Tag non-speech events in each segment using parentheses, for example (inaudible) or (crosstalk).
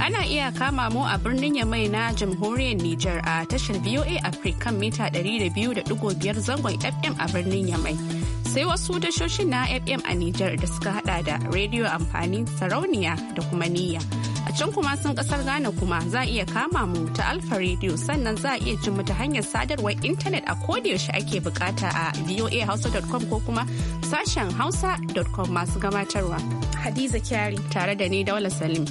Ana iya kama mu a birnin Yamai na jamhuriyar Nijar a tashar VOA Africa mita 200.5 zangon FM a birnin Yamai. Sai wasu tashoshin na FM a Nijar da suka hada da rediyo amfani sarauniya da kuma niyya. A can kuma sun kasar Ghana kuma za iya kama mu ta Alfa Radio sannan za iya jin mu ta hanyar sadarwar intanet a yaushe ake bukata a voahausa.com ko kuma sashen hausa.com masu gabatarwa. Hadiza Kyari. Tare da ni Daula Salim.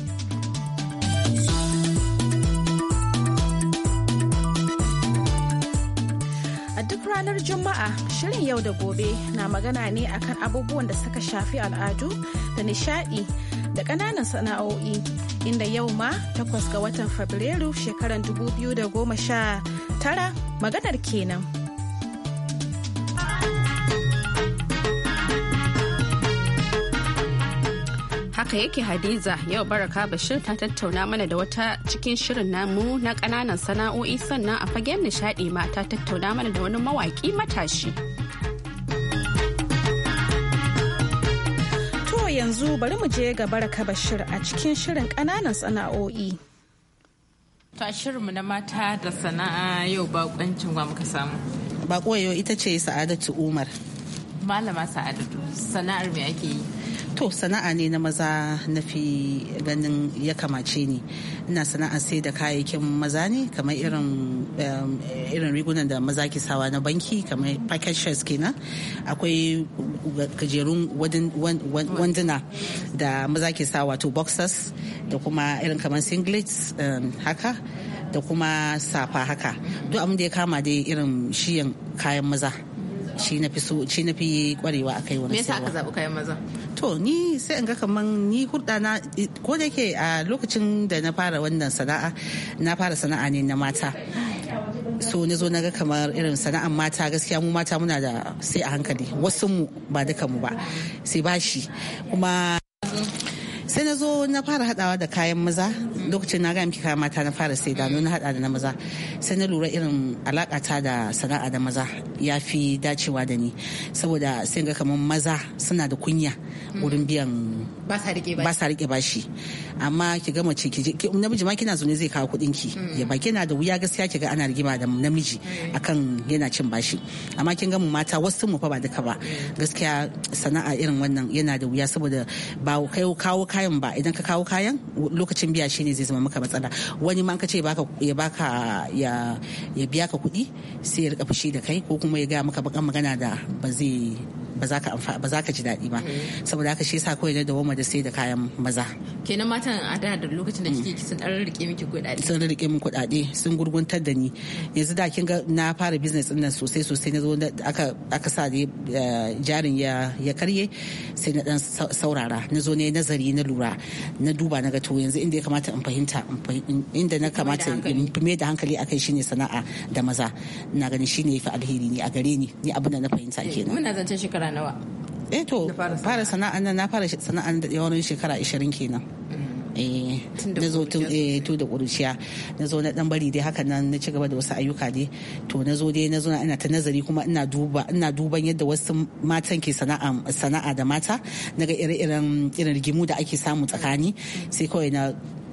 ranar Juma'a shirin yau da gobe na magana ne akan abubuwan da suka shafi al'adu da nishadi da ƙananan sana'o'i inda yau ma takwas ga watan Fabrairu shekarar 2019 maganar kenan. haka yake hadiza yau baraka bashir ta tattauna mana da wata cikin shirin namu na kananan sana'o'i sannan a fagen nishadi ma ta tattauna mana da wani mawaki matashi to yanzu bari mu je ga baraka bashir a cikin shirin kananan sana'o'i to shirinmu na mata da sana'a yau bakoncin wa muka samu bako yau ita ce sa'adatu umar malama sa'adatu sana'ar me ake yi to sana'a ne na maza na fi ganin ya kamace ni ina sana'a sai da kayayyakin maza ne kamar irin um, irin rigunan da maza ke sawa na banki kamar packet shirts kenan akwai gajerun wanduna da maza ke sawa to boxers da kuma irin kamar singlets um, haka da kuma safa haka duk abin da ya kama dai irin shiyan kayan maza shi na fi shi na fi kwarewa akai wani me yasa aka zabi kayan maza to ni sai in ga kaman ni hulɗa na ko da yake a lokacin da na fara wannan sana'a na fara sana'a ne na mata so na zo na ga kamar irin sana'an mata gaskiya mu mata muna da sai a hankali wasu mu ba duka mu ba sai bashi kuma sai na zo na fara hadawa da kayan maza lokacin na ga miki kayan mata na fara sai da na hada da na maza sai na lura irin alakata da sana'a da maza ya fi dacewa da ni saboda sai ga kamar maza suna da kunya mm. wurin biyan ba sa rike bashi amma ki ga mace ki namiji ma kina zaune zai kawo kuɗin ki mm. ya ba kina da wuya gaskiya ki ana rigima da namiji mm. akan yana cin bashi amma kin ga mu mata wasu mu fa ba duka ba gaskiya sana'a irin wannan yana da wuya saboda ba kai kawo kayan ba idan ka kawo kayan lokacin biya ne zai zama maka matsala wani ma ka ce ya baka ya biya ka kuɗi sai ya rika fushi da kai ko kuma ya gaya maka bakan magana da ba zai ba za ka ba za ka ji daɗi ba saboda haka shi yasa kawai na dawoma da sai da kayan maza kenan matan a da da lokacin da mm. kike sun dan rike miki kuɗaɗe sun rike min kuɗaɗe sun gurguntar da ni yanzu da kin ga na fara business din nan sosai sosai na zo aka aka sa da eh, jarin ya ya karye sai na dan saurara na zo ne nazari na lura na duba na ga to yanzu inda ya kamata in fahimta inda na kamata in fi da hankali akai shine sana'a da maza na ganin shine yafi alheri ne a gare ni ni abin da na fahimta eh, kenan muna zancen shekara nawa eh to fara sana'a nan na fara sana'a da yawarin shekara 20 kenan mm. eh, na zo tun eh, da kuruciya na zo na dan bari dai haka nan na ci gaba da wasu ayyuka dai to na zo dai na zo ina ta nazari kuma ina duba ina duban yadda wasu matan ke sana'a da mata naga ire-iren irin rigimu da ake samu tsakani sai kawai na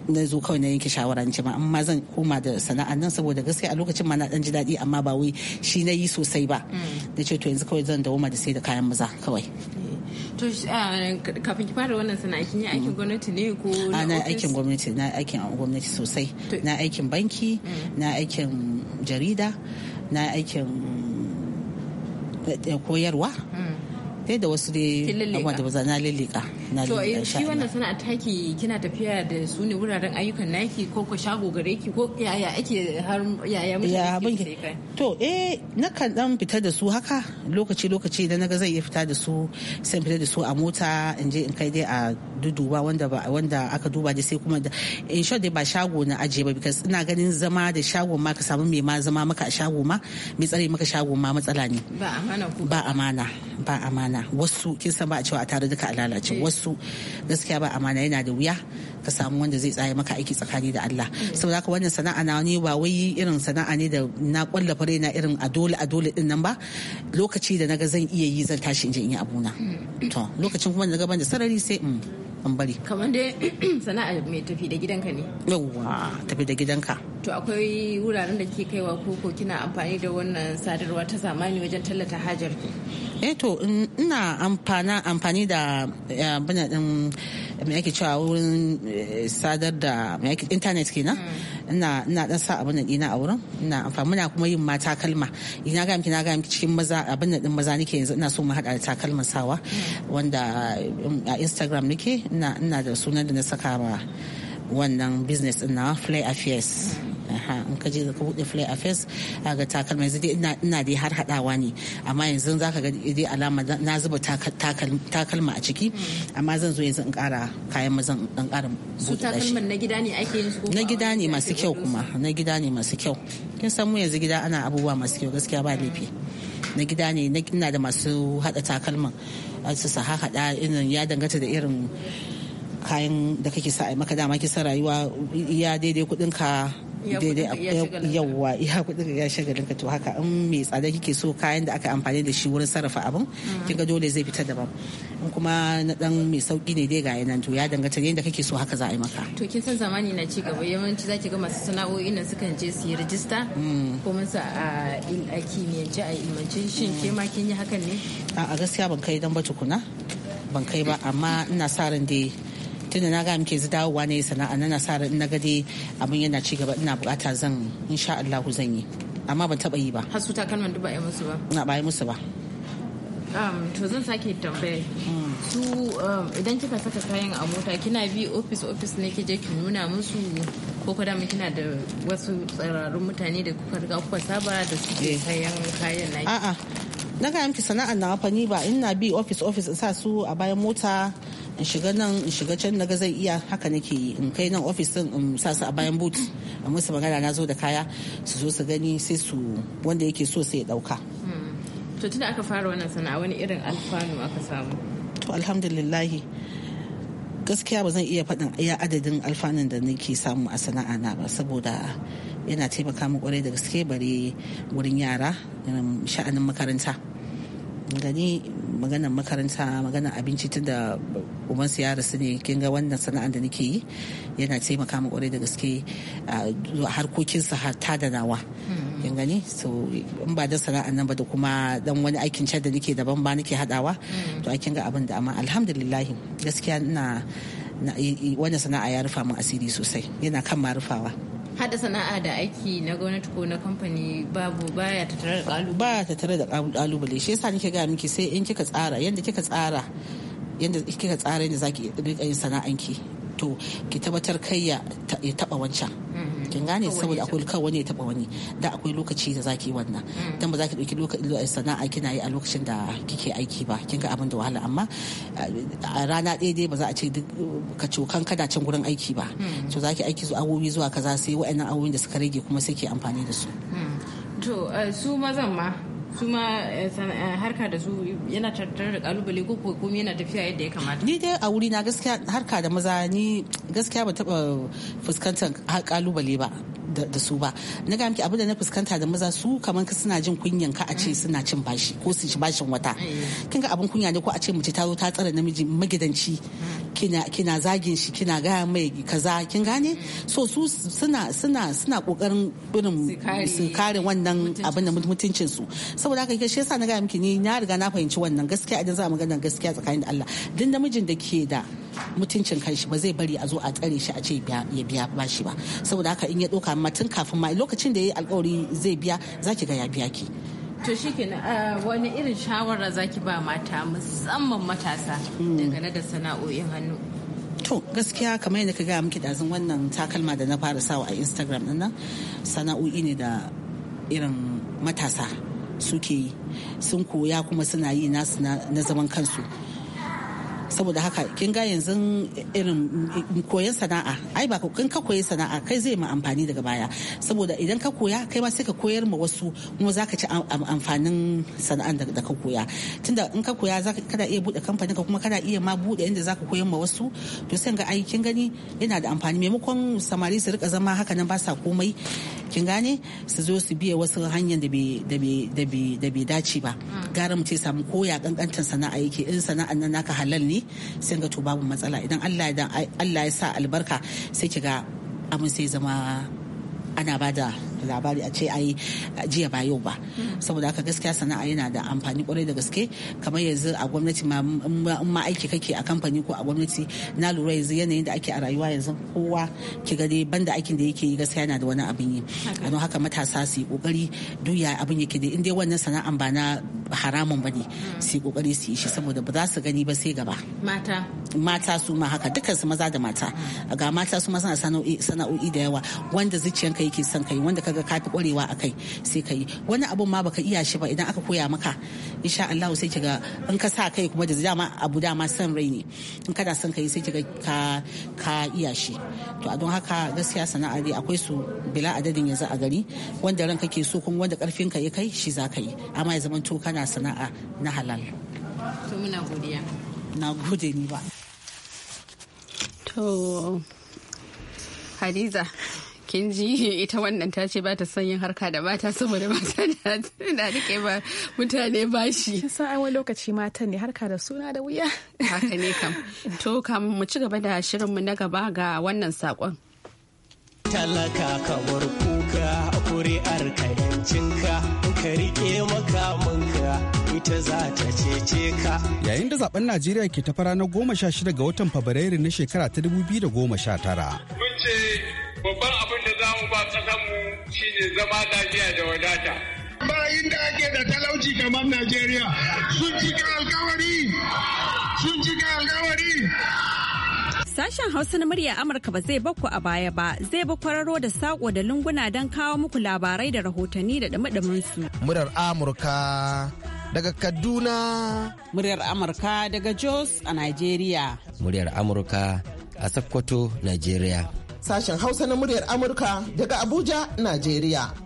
na zo kawai na yanke shawaran ma amma zan koma da sana'an nan saboda gaskiya a lokacin ma na dan ji daɗi amma ba wai shi na yi sosai ba da mm. ce to yanzu kawai zan dawo da sai da kayan maza kawai to ah, kafin ki fara wannan sana'a kin yi aikin mm. gwamnati ne ko na ah, na aikin gwamnati na aikin gwamnati sosai na aikin banki mm. na aikin jarida na aikin eh, koyarwa dai da wasu dai abubuwa da ba na lalika na to eh, shi wannan sana'a taki kina tafiya da su ne wuraren ayyukan naki ko ko shago gare ki ko yaya ake har yaya mutane ke kai to eh nakan dan fita da su haka lokaci lokaci da naga zai iya fita da su sai fita da su a mota in je in kai dai a duduba wanda ba wanda aka duba dai sai kuma in sha dai ba shago na aje ba because ina ganin zama da shago ma ka samu mai ma zama maka a shago ma mai tsare maka shago ma matsala ne ba amana ba amana ba amana wasu kin san ba a cewa a tare duka a lalace eh. wasu su gaskiya ba amana yana da wuya ka samu wanda zai tsaye maka aiki tsakani da Allah saboda haka wannan sana'a na ne ba wai irin sana'a ne da na fare raina irin a dole a dole din nan ba lokaci da naga zan iya yi zan tashi in je in yi abuna to lokacin kuma da naga ban da sarari sai in an bari kamar dai (clears throat) sana'a mai tafi da gidanka ne yawwa tafi da gidanka to akwai wuraren da ke kaiwa koko kina amfani da wannan sadarwa ta zamani wajen tallata hajar ku? eh to ina amfana amfani da eh, bana din me ake cewa wurin eh, sadar da internet kenan mm. ina ina dan sa abin dina a wurin ina amfani muna kuma yin ma takalma ina ga miki na ga miki cikin maza abin din maza nake yanzu ina so mu hada da takalman sawa wanda um, a Instagram nake ina ina da sunan da na saka ma wannan business na Flay Affairs in ka je ka bude Flay Affairs ga takalma yanzu dai ina dai har hadawa ne amma yanzu zaka ga dai alama na zuba takalma a ciki amma zan zo yanzu in kara kayan zan dan kara su takalman na gida ne ake yin su na gida ne masu kyau kuma na gida ne masu kyau kin san mu yanzu gida ana abubuwa masu kyau gaskiya ba laifi na gida ne ina da masu hada takalman su sa irin ya danganta da irin kayan da kake sa a maka dama sa rayuwa ya daidai kudin ka daidai yawwa iya kudin ya shagalin ka to haka in mai tsada kike so kayan da aka amfani da shi wurin sarrafa abin mm. kinga dole zai fita daban in kuma na dan mai sauki ne dai ga nan to ya danganta ne yadda kake so haka za a yi maka to kin san zamani na ci gaba yawanci zaki ga masu sana'o'i nan sukan je su yi rijista mm. ko mun sa a ne ji a ilmance shin mm. ke ma kin yi hakan ne a gaskiya ban kai dan ba tukuna ban kai ba amma ina sa ran dai tunda na ga muke yanzu dawowa ne sana'a na nasara in na gade abin yana ci gaba ina bukata zan insha Allah zan yi amma ban taba yi ba har su takalman duk ba yi musu ba na ba yi musu ba um, to zan sake tambaya mm. su um, idan kika saka kayan a mota kina bi ofis ofis ne kije ki nuna musu ko kwa dama kina da wasu tsararrun mutane da kuka riga kuka saba da suke eh. kayan kayan a'a na ga miki sana'ar na fa ba ba ina bi office office in sa su a bayan mota in shiga nan in shiga can ga zai iya haka nake yi in kai nan office din in sa su a bayan boot a musu magana na zo da kaya su zo su gani sai su wanda yake so sai ya dauka hmm. to tunda aka fara wannan sana'a wani irin alfanu aka samu to alhamdulillahi gaskiya ba zan iya faɗin ya adadin alfanun da nake samu a sana'a na ba saboda yana taimaka mu kwarai da gaske bare wurin yara sha'anin makaranta gani maganan makaranta maganan abinci tun da su ya rasu ne kin ga wannan sana'ar da nake yi yana taimaka mu kwarai da gaske harkokinsa har ta da nawa kin gani so in ba da sana'a nan ba da kuma dan wani aikin can da nake daban ba nake hadawa to a ga abin da amma alhamdulillah gaskiya ina wannan sana'a ya rufa min asiri sosai yana kan ma rufawa hada sana'a da aiki na gwamnati ko na kamfani babu baya tattare da kalubale ba tattare da kalubale shi yasa nake ga miki sai in kika tsara yanda kika tsara yanda kika tsara yanda zaki rika yin sana'anki to ki tabbatar kai ya taba wancan mm. kin gane saboda akwai kawai wani ya taba wani da akwai lokaci da zaki wannan mm. dan ba zaki dauki lokaci sana'a kina yi a lokacin da kike aiki ba kin ga abin da wahala amma a rana ɗaya dai ba za a ce ka cokan kana can gurin aiki ba mm. to zaki aiki zuwa awowi zuwa kaza sai wa'annan awowin da suka rage kuma sai ke amfani da su mm. to eh, su mazan ma su ma eh, eh, harka da su yana tattare da kalubale ko ko komai yana tafiya yadda ya kamata ni dai a wuri na gaskiya harka da maza ni gaskiya ba taba fuskantar kalubale ba da su ba na ga miki abin da na fuskanta da maza su kamar ka suna jin kunyan ka a ce mm. suna cin bashi ko su ci bashin wata mm. kin ga abin kunya ne ko a ce mace ta zo ta tsara namiji magidanci mm. kina kina zagin shi kina ga mai kaza kin gane so su suna suna suna kokarin irin su kare wannan abin da mutuncin su saboda haka ke shi yasa na ga miki ni na riga na fahimci wannan gaskiya idan za mu ganin gaskiya tsakanin da Allah duk namijin da ke da mutuncin kanshi ba zai bari a zo a tsare shi a ce ya biya bashi ba saboda haka in ya doka ma tun kafin ma lokacin da yayi alkawari zai biya zaki ga ya biya ki to shikenan eh, wani irin shawara zaki ba mata musamman matasa hmm. dangane da sana'o'in hannu to gaskiya kamar yadda ka gaya miki dazin wannan takalma da na fara sawa a instagram din nan sana'o'i ne da irin matasa suke yi sun koya kuma suna yi nasu na zaman kansu saboda haka kin ga yanzu irin koyon sana'a ai ba kin ka koyi sana'a kai zai ma amfani daga baya saboda idan ka koya kai ma sai ka koyar ma wasu kuma za ka ci amfanin sana'an da ka koya tunda in ka koya za ka iya bude kamfani ka kuma kana iya ma bude inda za ka koyar ma wasu to sai ga ai kin gani yana da amfani maimakon samari su rika zama haka nan ba sa komai kin gane su zo su biya wasu hanyar da bai dace ba mm. gara ce samu koya ya kankantar sana'a yake in sana'an nan naka halal ne sai ga to babu matsala idan Allah ya sa albarka sai kiga abin sai zama ana ba da labari a ce a yi jiya ba yau ba saboda haka gaskiya sana'a yana da amfani kwarai da gaske kamar yanzu a gwamnati ma in ma aiki kake a kamfani ko a gwamnati na lura yanzu yanayin da ake a rayuwa yanzu kowa ki ga dai banda aikin da yake yi gaskiya yana da wani abin yi a don haka matasa su yi kokari duk ya abin yake da inda wannan sana'an ba na haramun bane hmm. su yi kokari su yi shi saboda ba za su gani ba sai gaba mata mata su ma haka dukkan su maza da mata hmm. ga mata su ma suna sana'o'i da yawa wanda zuciyanka yake son kai wanda kaga ka fi kwarewa a kai sai ka yi wani abun ma baka iya shi ba idan aka koya maka insha Allah sai kiga in ka sa kai kuma da dama abu dama son rai ne in kana son kai sai kiga ka ka iya shi to a don haka gaskiya sana'a dai akwai su bila adadin yanzu a gari wanda ran kake so kuma wanda karfin ka ya kai shi za ka yi amma ya zama to kana sana'a na halal to muna godiya na gode ni ba to Hadiza kin ji ita wannan ta ce ba ta son yin harka da mata saboda mata na rike ba mutane bashi. Kin san an wani lokaci mata ne harka da suna da wuya. Haka ne kam. (laughs) To kam mu ci gaba da shirinmu na gaba ga wannan sakon. Talaka ka bar kuka kuri'ar kayancinka ka rike makamanka ita za ta cece ka. Yayin da zaben Najeriya ke ta fara na goma sha shida ga watan Fabrairu na shekara ta dubu biyu da goma sha tara. Babban abin da za mu ba ƙasanmu shine zama lafiya da wadata. Bayin da ake da talauci kamar Najeriya sun cika alkawari, sun cika alkawari. Sashen Hausa na murya Amurka ba zai bakku a baya ba, zai ba kwararo da saƙo da lunguna don kawo muku labarai da rahotanni da dumi su. Murar Amurka daga Kaduna. Muryar Amurka daga Jos a Najeriya. Muryar Amurka a Sokoto, Najeriya. sashen Hausa na muryar Amurka daga Abuja, Najeriya.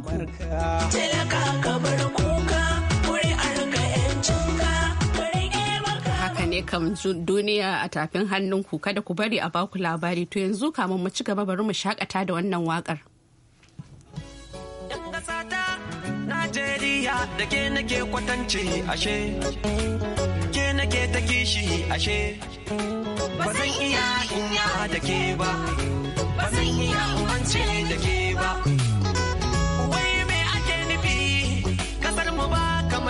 ku. Haka ne kam duniya a tafin hannunku, kada ku bari a baku labari to yanzu kamun mu ci gaba bari mu shakata da wannan wakar. Najeriya da ke nake kwatance ashe, ke nake ta kishi ashe, ba zan iya inya da ke ba, ba zan iya umance da ke ba.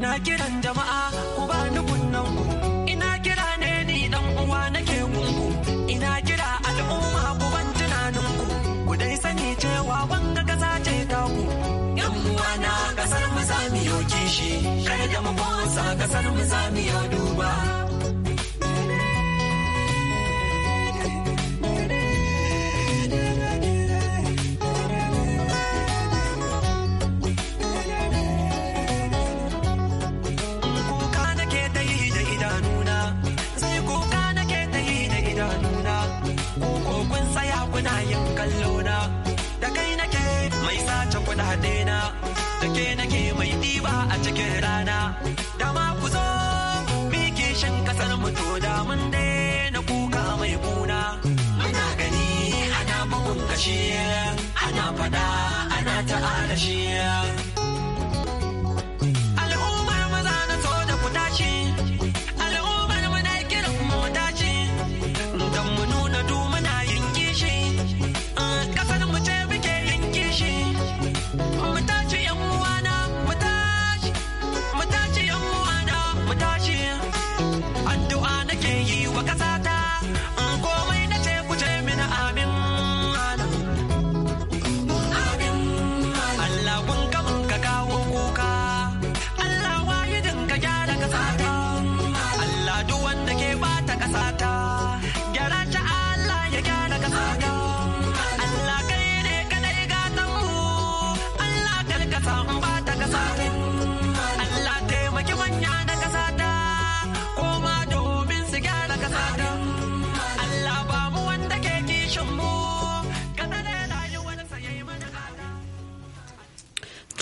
ina kiran jama'a ku ba ni kunnan ku ina kira ne ni dan uwa nake gungu ina kira al'umma ku ban tunanin ku ku dai sani cewa wanga kasa ce ta ku yan na kasar mu za mu yi kishi kai da mu kasar mu za mu duba shi ana fada ana ta shi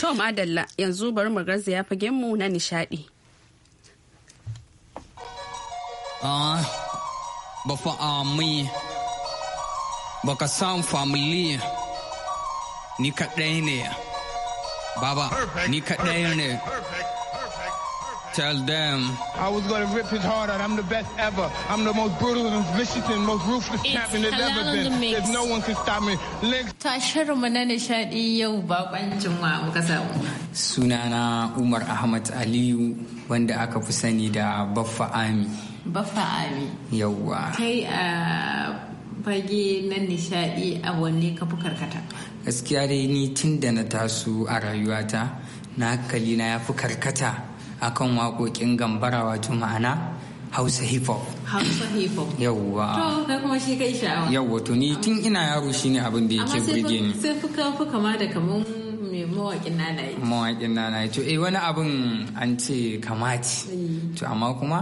To madalla yanzu bari mu garzaya fagen mu na nishadi. Ah, bafa ami, ah, ka san family ni kaɗai ne, baba ni kaɗai ne. Perfect. Tell them. I was going to rip his heart out. I'm the best ever. I'm the most brutal and vicious and most ruthless It's champion there's ever been. The There's no one can stop me. Ta shirinmu na nishadi yau kwancin wa muka samu. Um. Sunana Umar Ahmad Aliyu wanda aka fi sani da Baffa Ami. Baffa Ami. Yawwa. Kai a fage na nishadi a wanne ka fi karkata? Gaskiya dai ni tun da na taso a rayuwata na kalli na ya fi karkata akan waƙoƙin gambara wato ma'ana hausa hip hop hausa hip hop yawwa to kai kuma shi kai sha'awa yawwa to ni tun ina yaro shine abin da yake burge ni sai fuka fuka kama da kaman mawaƙin nanaye mawaƙin nanaye to eh wani abin an ce kamaci mm. to amma kuma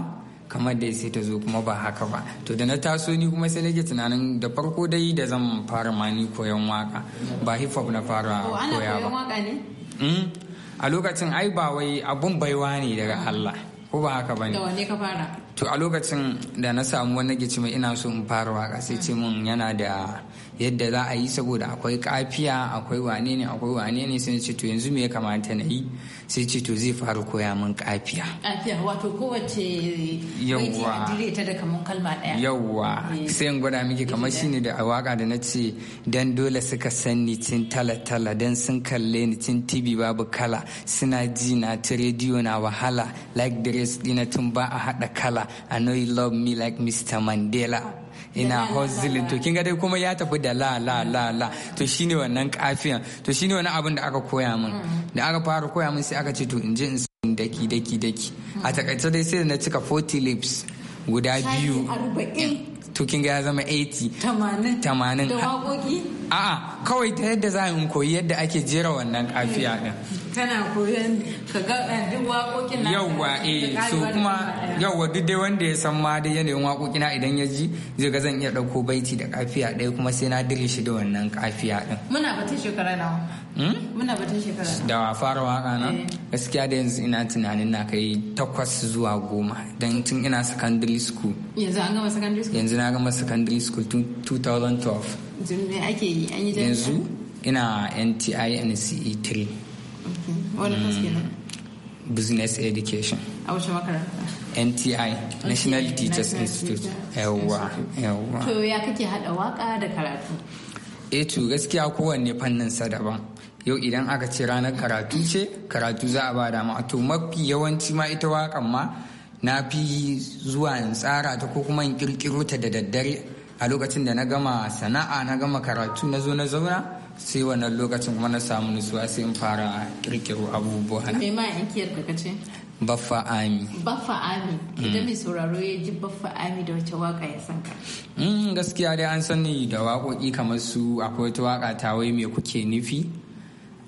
kamar dai sai ta zo kuma ba haka ba to da na taso ni kuma sai nake tunanin da farko dai da zan fara ma ni koyon waka ba hip hop na fara koya ba a lokacin ai ba wai abun baiwa ne daga Allah ko ba haka bane to a lokacin da na samu wani gicci mai ina so in fara waka sai ce mun yana da yadda za a yi saboda akwai kafiya akwai wane ne akwai wane ne sai ce to yanzu me ya kamata na yi sai ce to zai faru koya min kafiya kafiya wato kowace yawwa ta da kamar kalma daya yawwa eh. sai in gwada miki kamar eh. shine da waka da na ce dan dole suka sanni cin tala tala dan sun kalle ni cin tv babu kala suna ji na ta rediyo na wahala like the rest dina tun ba a hada kala i know you love me like mr mandela ina hustling to kin ga dai kuma ya tafi da la la la la to shine wannan kafiyan to shine wani abin da aka koya min mm. da aka fara koya min sai aka ce to in je in daki daki daki a takaice dai sai na cika 40 lips guda biyu to kin ga ya zama 80 80 80 da waƙoƙi a'a kawai ta yadda za in koyi yadda ake jera wannan kafiya eh. din tana koyon ka ga eh, duk waƙoƙin na yawwa eh so kuma eh. yawwa duk dai wanda ya san ma da yanayin waƙoƙi na idan ya ji zai ga zan iya ɗauko baiti da kafiya ɗaya kuma sai na dire shi da wannan kafiya ɗin muna batun shekara nawa hmm? muna batun shekara da fara waka na eh. gaskiya da yanzu ina tunanin na kai takwas zuwa goma don tun ina secondary school yanzu an gama secondary school yanzu na gama secondary school tun 2012 yanzu ina NTINCE 3 Mm-hmm. Mm. business education nti national teachers institute yawwa yawwa to ya kake hada waka da karatu eh to gaskiya kowanne fannin sa daban yau idan aka ce ranar karatu ce karatu za a ba ma to mafi yawanci ma ita wakan ma na fi zuwa in tsara ta ko kuma in kirkiro ta da daddare a lokacin da na gama sana'a na gama karatu na zo na zauna sai wannan lokacin kuma na samu nutsuwa sai in fara kirkiro abubuwa me ma inkiyar ka kace baffa ami baffa ami idan mm. mai sauraro ya ji baffa ami da wace waka ya san ka mm, gaskiya dai an san ni da waƙoƙi kamar su akwai wata waka ta wai me kuke nufi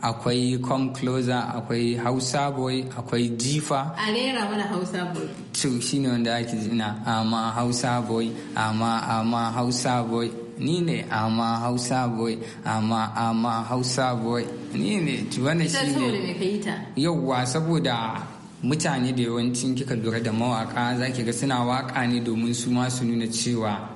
akwai come closer akwai hausa boy akwai jifa a rera mana hausa boy to shine wanda ake jina amma hausa boy amma amma hausa boy ni ne ama hausa boy ama ama hausa boy ni ne wani shi ne yauwa saboda mutane da yawancin kika lura da mawaka za ki ga suna waka ne domin su ma nuna cewa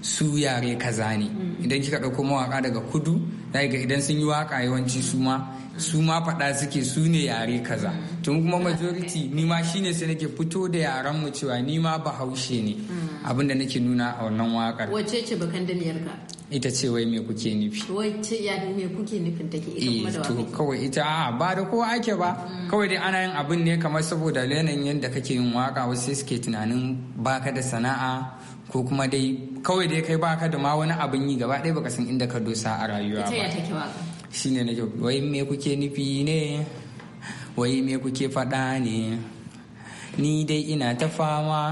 su yare kaza ne mm. idan kika ɗauko mawaka daga kudu ga idan sun yi waka yawanci su ma su ma faɗa suke su ne yare kaza tun kuma majority ni ma shine sai nake fito da yaran mu cewa ni ma bahaushe ne abinda nake nuna a wannan wakar wacce ce bakan damiyarka ita ce wai me kuke nufi wacce ya me kuke nufin take ita kuma da eh, to kawai ita a ba da kowa ake ba kawai dai ana yin abin ne kamar saboda yanayin yadda kake yin waka wasu suke tunanin baka da sana'a ko kuma dai kawai dai kai baka da ma wani abin yi gaba ɗaya baka san inda ka dosa a rayuwa ba shi ne na kyau wai me kuke nufi ne wai me kuke faɗa ne ni dai ina ta fama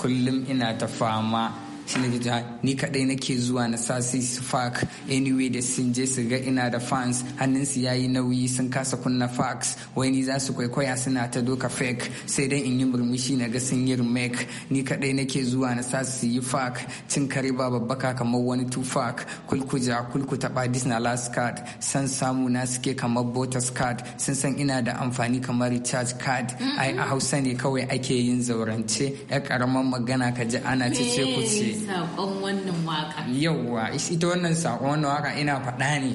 kullum ina ta fama ji ne ni kadai nake zuwa na sasi su fax anyway da sun je su ga ina da fans hannun su yayi nauyi sun kasa kunna fax wai ni za su kwaikwaya suna ta doka fake sai dai in yi murmushi na ga sun yi remake ni kadai nake zuwa na sasi su yi fax cin kare ba babbaka kamar wani tufak kulkuja kulku taba disney last card san samu na suke kamar botas card sun san ina da amfani kamar recharge card ai a hausa ne kawai ake yin zaurance ya karamar magana ka ji ana ce ce ku ce yauwa ita wannan saƙon wannan waka ina faɗa ne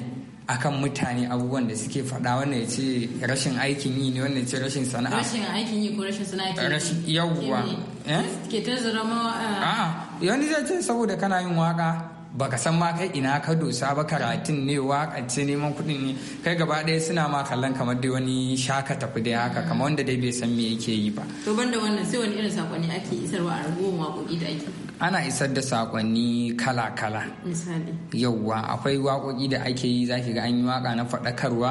akan mutane abubuwan da suke faɗa wannan ya ce rashin aikin yi ne wannan ya ce rashin sana'a rashin aikin yi ko rashin sana'a ke rashin yauwa ke ta zira ma eh? eh? a ah, wani zai ce saboda kana yin waka Ba ka san ma kai ina ka dosa ba karatun ne wakance neman kudin ne kai gaba ɗaya suna ma kallon kamar dai wani shaka tafi dai haka kamar wanda dai bai san me yake yi ba to banda wannan sai wani irin sakonni ake isarwa a ragowar waƙoƙi da ake ana isar da sakonni kala kala misali akwai waƙoƙi da ake yi zaki ga an yi waka na faɗakarwa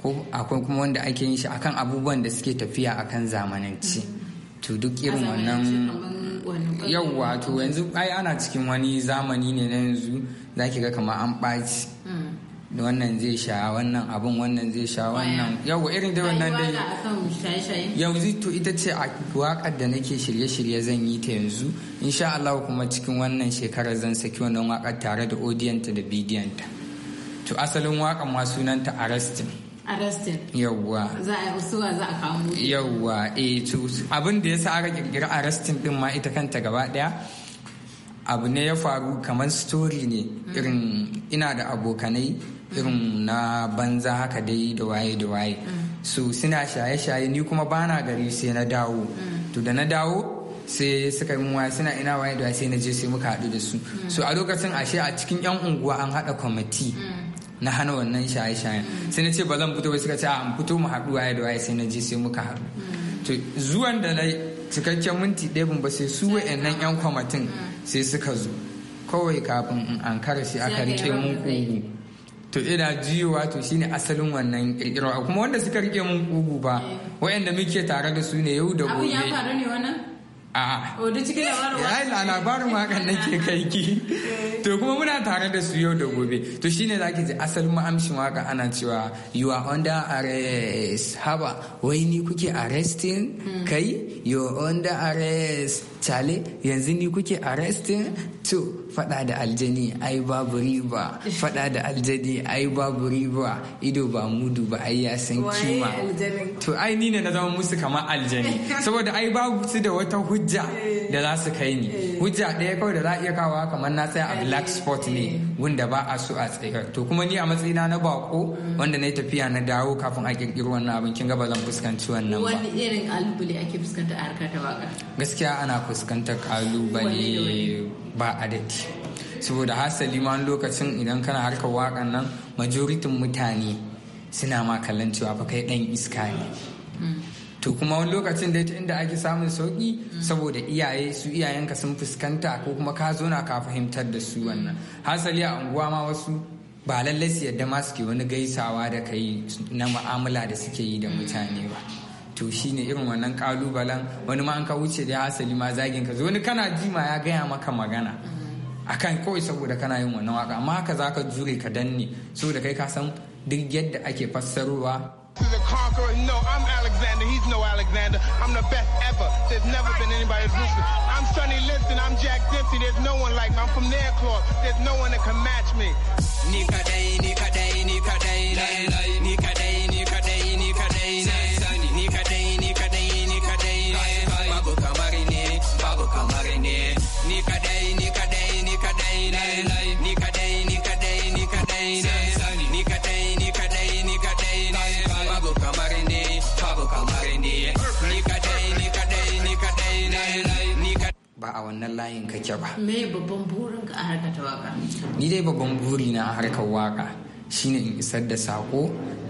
ko akwai kuma wanda ake yin shi akan abubuwan da suke tafiya akan zamananci mm. to duk irin wannan yawwa to yanzu ai ana cikin wani zamani ne na yanzu za ki ga kamar an ɓaci da mm. wannan zai sha wannan abin wannan zai sha wannan yawwa irin da wannan dai yanzu to ita ce a waƙar da nake shirye-shirye zan yi ta yanzu insha Allah kuma cikin wannan shekarar zan saki wannan waƙar tare da odiyanta da bidiyanta to asalin waƙar ma sunanta arrestin arrested yawwa za a suwa za a kawo yawwa eh to abin da sa aka kirkira arresting din ma ita kanta gaba daya abu ne ya faru kamar story ne irin ina da abokanai irin na banza haka dai da waye da waye su suna shaye-shaye ni kuma bana gari sai na dawo to da na dawo sai suka yi muwa suna ina waye da sai na je sai muka haɗu da su so a lokacin ashe a cikin yan unguwa an haɗa kwamiti na hana wannan shaye-shayen sai na ce ba zan fito ba suka ce a fito mu haɗu waye da waye sai na je sai muka haɗu to zuwan da na cikakken minti ɗaya ba sai su wa'annan yan kwamatin sai suka zo kawai kafin in an kara shi aka rike mun kugu to ina jiyowa to shine asalin wannan kirkirar kuma wanda suka rike mun kugu ba eh. wa'anda muke tare da su ne yau da gobe a a labarin wakan nake kai ki to kuma muna tare da su yau da gobe to shine zaki ji asalin ma'amshin waka ana cewa you are under arrest haba wai ni kuke arresting hmm. kai you are under arrest chale yanzu ni kuke arrestin to fada da aljani ai babu riba fada da aljani ai babu riba ido ba mudu ba ai ya san kima to ai ni ne na zama musu kamar aljani saboda ai babu su da wata hujja eh. da za su kai ni eh. hujja ɗaya kawai da za a iya kawo kamar na tsaya a black spot ne wanda ba a so a tsaya to kuma ni a matsayina na bako wanda na yi tafiya na dawo kafin a kirkiri wannan abin kin ga ba zan fuskanci wannan ba wani irin kalubale ake fuskanta a harkar ta waka gaskiya ana fuskantar kalubale ba adadi saboda hasali ma lokacin idan kana harkar wakan nan majoritin mutane suna ma kallon cewa fa kai dan iska ne hmm. to kuma wani lokacin da inda ake samun sauki saboda iyaye su iyayenka sun fuskanta ko kuma ka zo na ka fahimtar da su wannan hasali a unguwa ma wasu ba lallai su yadda ma suke wani gaisawa da kai na mu'amala da suke yi da mutane ba to shi ne irin wannan kalubalen wani ma an ka wuce da hasali ma zagin ka wani kana jima ya gaya maka magana akan kawai saboda kana yin wannan waka amma haka zaka jure ka danne saboda kai ka san duk yadda ake fassarowa conqueror. No, I'm Alexander. He's no Alexander. I'm the best ever. There's never been anybody as ruthless. I'm Sonny Liston. I'm Jack Dempsey. There's no one like me. I'm from their cloth. There's no one that can match me. Nika day, Nika day, Nika day, day. a wannan layin kake ba me babban burin ka a harkar waka ni dai babban buri na a harkar waka shine in isar da sako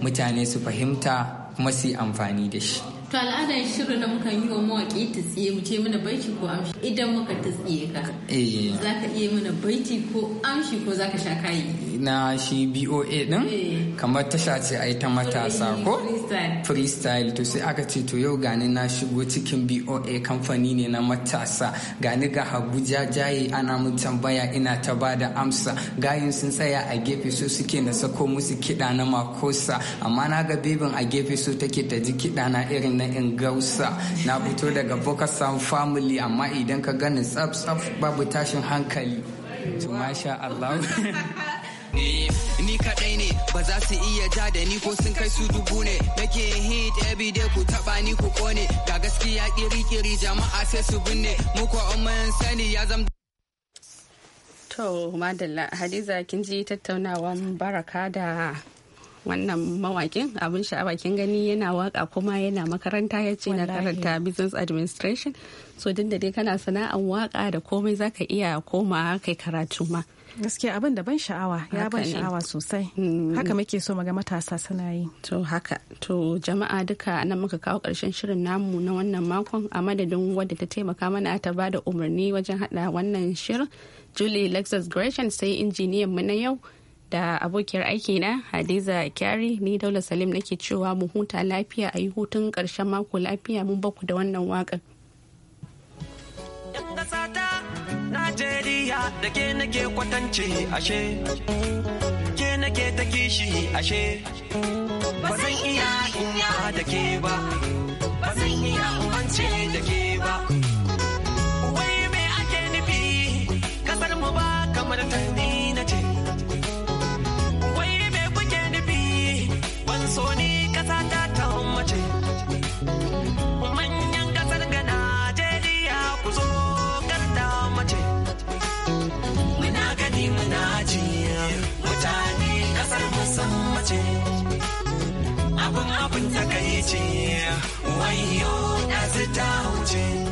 mutane su fahimta kuma su yi amfani da shi to al'adar shirin da muka yi wa mawaƙi ta tsiye mu ce mana baiti ko amshi idan muka ta tsiye ka eh. za ka iya mana baiti ko amshi ko za ka sha kayi na shi boa din eh. kamar tasha ce ai ta matasa ko freestyle to sai aka ce to yau gani na shigo cikin boa kamfani ne na matasa gani ga habuja jaye ana mun tambaya ina ta bada amsa gayin sun tsaya a gefe so suke na sako musu kiɗa na makosa amma na ga bebin a gefe so take ta ji kiɗa na irin na ingausa na fito daga bokasan family amma idan ka gani tsaf tsaf babu tashin hankali to masha Allah (laughs) Eh, ni kaɗai ne ba za su iya ja da ni ko sun kai su dubu ne nake hit every day ku taba ni ku kone ga gaskiya kiri-kiri jama'a sai su binne muku amman sani ya zam To Madalla Hadiza kin ji tattaunawan baraka da wannan mawakin abin sha'awa kin gani yana waka kuma yana makaranta ya ce na karanta business administration so duk dai kana sana'an waka da komai zaka iya koma kai karatu ma. gaskiya abin da ban sha'awa ya ban sha'awa sosai mm. haka muke so maga matasa suna yi to haka to jama'a duka nan muka kawo karshen shirin namu na wannan makon a madadin wadda ta taimaka mana ta ba da umarni wajen hada wannan shirin julie lexus gresham sai injiniyan mu na yau da abokiyar aiki na hadiza kyari ni daula salim nake cewa mu huta lafiya a yi hutun karshen mako lafiya mun baku da wannan wakan Najeriya da ke nake kwatance ashe, ke nake ta kishi ashe, ba zan iya inya da ke ba, ba zan iya umance da ke ba. ce wayo na